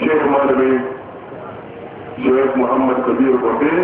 شيخ مال مين شيخ محمد كبير فقيه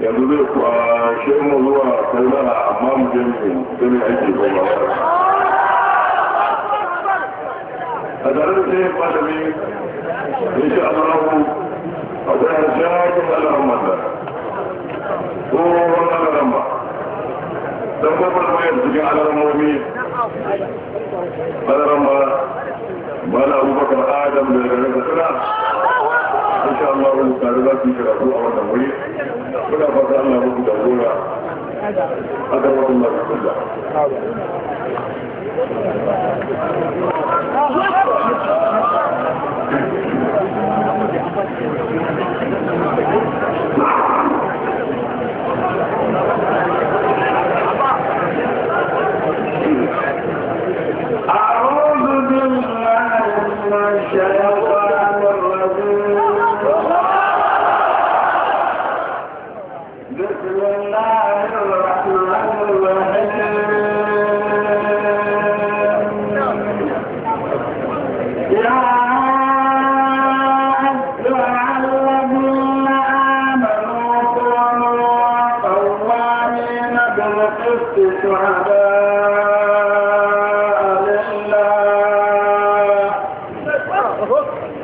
الله يا آه، شيخ موضوع كلها امام جنبي الدنيا عندي الله اكبر الله اكبر شيخ مال balaran ba mana abubakar adam da garin kasana insha Allah wani tare za su yi karatu a wannan wuri muna fata Allah muku da gora haka wata masu Thank you.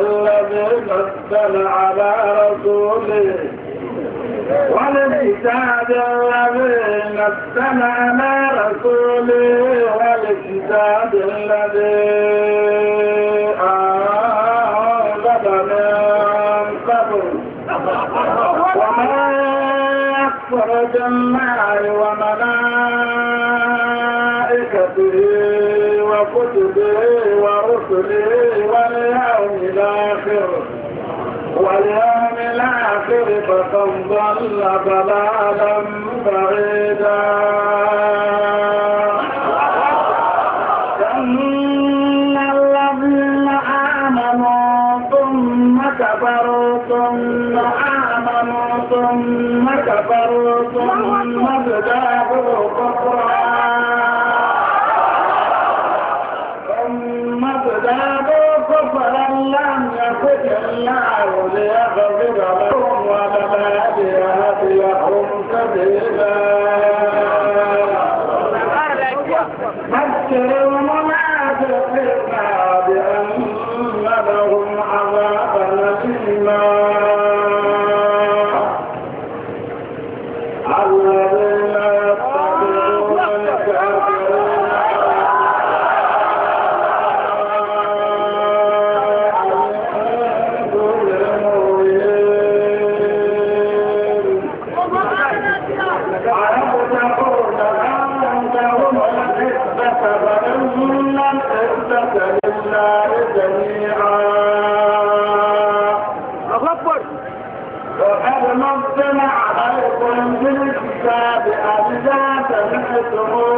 الذي نزل على رسوله والكتاب الذي نزل على رسوله والكتاب الذي أنزل من قبل وما يكفر بالله وملائكته وكتبه ورسله واليوم الآخر فقد ضل ضلالا بعيدا إن الذين آمنوا ثم كفروا ثم آمنوا ثم كفروا ثم ازدادوا كفرا يكن الله ليغفر لهم ما اجتمع عليكم بالكتاب أن لا